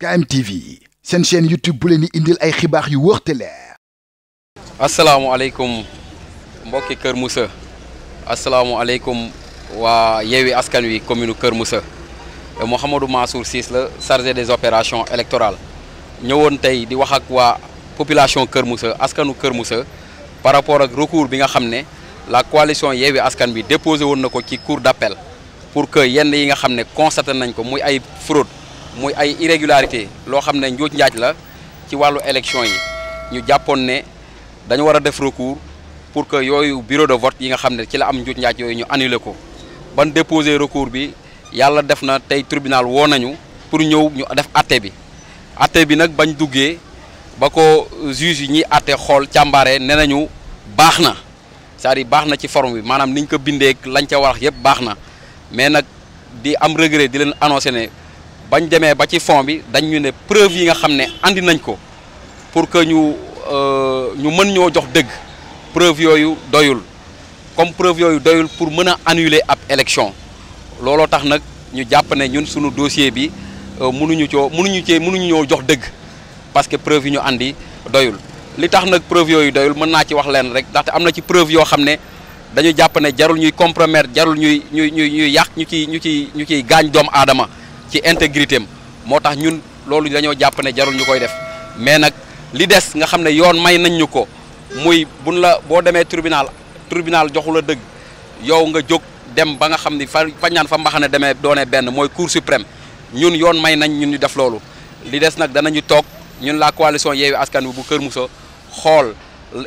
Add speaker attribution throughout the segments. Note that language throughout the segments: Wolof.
Speaker 1: KMTV une chaîne YouTube pour les di indil ay xibaar yu wóor te Assalamu asalaamualeykum mbokki Kër Moussa asalaamualeykum waa Askan Wi commune Kër Moussa Mansour Ciss la chargé des opérations électorales ñëwoon tay di wax ak wa population Kër Moussa askanu Kër Moussa par rapport ak recours bi nga xamné la coalition yewi Askan bi déposé woon na ci cour d'appel pour que yenn yi nga xamné ne constaté nañ ko muy ay fraude moy ay irrégularité lo xamné ndiot ndiaj la ci walu élection yi ñu jàppoon ne dañu wara def recours pour que yoyu bureau de vote yi nga xamné ci la am ndiot ndiaj yoyu ñu annuler ko ban déposé recours bi yalla def na tay tribunal wo nañu pour ñew ñu def atté bi atté bi nak bañ duggé bako juge yi ñuy atte xool càmbaare nee nañu c'est-à-dire baxna ci forme bi manam niñ ko bindeek lañ ca wax yépp baxna mais nak di am regret di len annoncer né bañ démé ba ci fond bi dañ ñu ne preuve yi nga xamné andi nañ ko pour que ñu euh, ñu mën ñoo jox deug preuve yoyu doyul comme preuve yoyu doyul pour mëna annuler ab élection lolo tax nak ñu japp né ñun suñu dossier bi euh, mënuñu coo mënuñu cee mënuñu ñoo jox deug parce que preuve yi ñu andi doyul li tax nak preuve yoyu doyul mëna ci wax lén rek ndaxte amna ci preuve yo xamné dañu japp né jarul ñuy compromettre jarul ñuy ñuy ñuy ñuy ñu ci ñu ci ñu ci gañ doom adama ci intégrité am moo tax ñun loolu dañoo jàpp ne jarul ñu koy def mais nag li des nga xam ne yoon may nañ ñu ko muy buñ la boo demee tribunal tribunal joxul a dëgg yow nga jóg dem ba nga xam ni fa fañ naan fa mbaxane demee doonee benn mooy cour suprême ñun yoon may nañ ñun ñu def loolu li des nag danañu toog ñun la coalition Yewwi Askan Wi bu Kër Moussa xool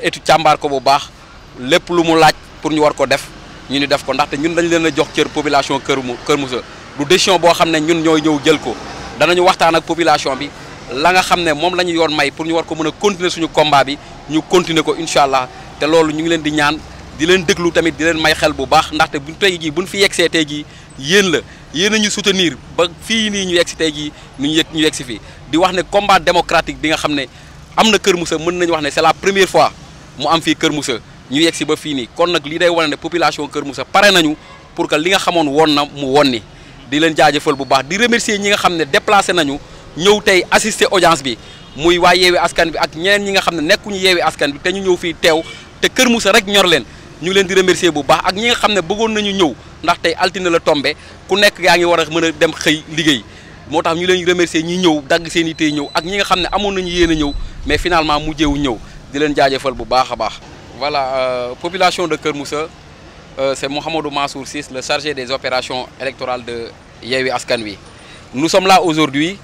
Speaker 1: étu càmbar ko bu baax lépp lu mu laaj pour ñu war ko def ñu ni def ko ndaxte ñun dañ leen a jox cër population Kër Kër Moussa du décision boo xam ne ñun ñoo ñëw jël ko danañu waxtaan ak population bi la nga xam ne moom la ñu yoon may pour ñu war ko mën a continuer suñu combat bi ñu continuer ko incha allah te loolu ñu ngi leen di ñaan di leen déglu tamit di leen may xel bu baax ndaxte bu tey jii buñ fi yegsee tey jii yéen la yéen a soutenir ba fii nii ñu yegsi tey jii ñu yeg ñu yegsi fii di wax ne combat démocratique bi nga xam ne am na Kër Moussa mën nañu wax ne c'est la première fois mu am fii Kër Moussa ñu yegg si ba fii nii kon nag lii day wane ne population Kër Moussa pare nañu pour que li nga xamoon woon na mu won ni di leen jaajafal bu baax di remercier ñi nga xam ne déplacé nañu ñëw tey assister audience bi muy waa yeewi askan bi ak ñeneen ñi nga xam ne nekkuñu yeewi askan bi te ñu ñëw fii teew te Kër Moussa rek ñor leen ñu leen di remercier bu baax ak ñi nga xam ne bëggoon nañu ñëw ndax tey altine la tombe ku nekk yaa ngi war a mën a dem xëy liggéey moo tax ñu leen remercier ñi ñëw dagg seen i tey ñëw ak ñi nga xam ne amoon nañu yéen a ñëw mais finalement mujjeewu ñëw di leen jaajëfal bu a baax Voilà, euh, population de Kermoussa, euh, c'est Mohamed Mansour VI, le chargé des opérations électorales de Yewi Askanui. Nous sommes là aujourd'hui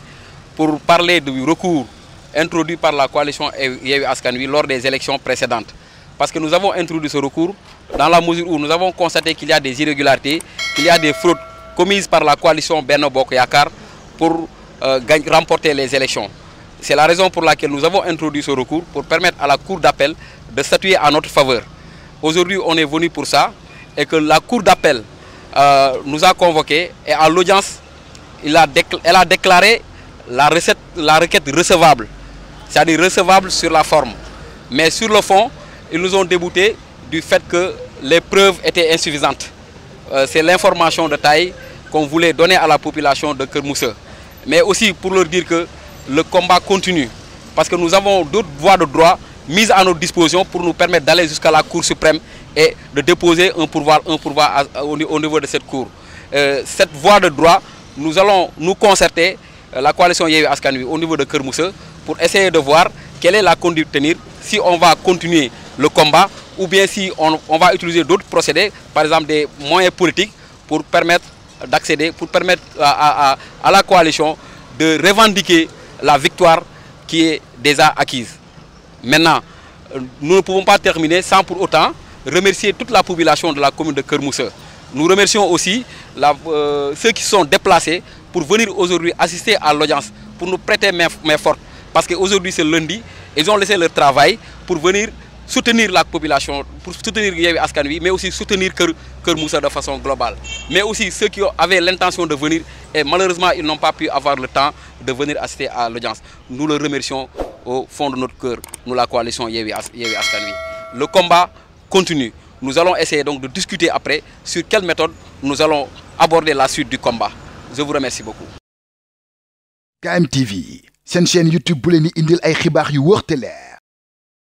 Speaker 1: pour parler du recours introduit par la coalition Yewi Askanui lors des élections précédentes. Parce que nous avons introduit ce recours dans la mesure où nous avons constaté qu'il y a des irrégularités, qu'il y a des fraudes commises par la coalition Bernobok Yakar pour euh, remporter les élections. C'est la raison pour laquelle nous avons introduit ce recours pour permettre à la Cour d'appel statué statuer en notre faveur. Aujourd'hui, on est venu pour ça et que la Cour d'appel euh, nous a convoqués et à l'audience, elle a déclaré la, recette, la requête recevable, c'est-à-dire recevable sur la forme. Mais sur le fond, ils nous ont débouté du fait que les preuves étaient insuffisantes. Euh, c'est l'information de taille qu'on voulait donner à la population de kermousse Mais aussi pour leur dire que le combat continue. Parce que nous avons d'autres voies de droit mise à notre disposition pour nous permettre d'aller jusqu'à la Cour suprême et de déposer un pouvoir un au niveau de cette Cour. Euh, cette voie de droit, nous allons nous concerter, euh, la coalition Yéhu Askanui, au niveau de Kermousse, pour essayer de voir quelle est la conduite à tenir, si on va continuer le combat ou bien si on, va utiliser d'autres procédés, par exemple des moyens politiques, pour permettre d'accéder, pour permettre à la coalition de revendiquer la victoire qui est déjà acquise. Maintenant, nous ne pouvons pas terminer sans pour autant remercier toute la population de la commune de Kermousse. Nous remercions aussi euh, ceux qui sont déplacés pour venir aujourd'hui assister à l'audience, pour nous prêter main, forte. Parce qu'aujourd'hui c'est lundi, ils ont laissé leur travail pour venir soutenir la population, pour soutenir Yévi Askanoui, mais aussi soutenir Kermoussa de façon globale. Mais aussi ceux qui avaient l'intention de venir et malheureusement ils n'ont pas pu avoir le temps de venir assister à l'audience. Nous le remercions au fond de notre cœur, nous la coalition Yévi Astani. Le combat continue. Nous allons essayer donc de discuter après sur quelle méthode nous allons aborder la suite du combat. Je vous remercie beaucoup. KMTV, c'est une chaîne YouTube pour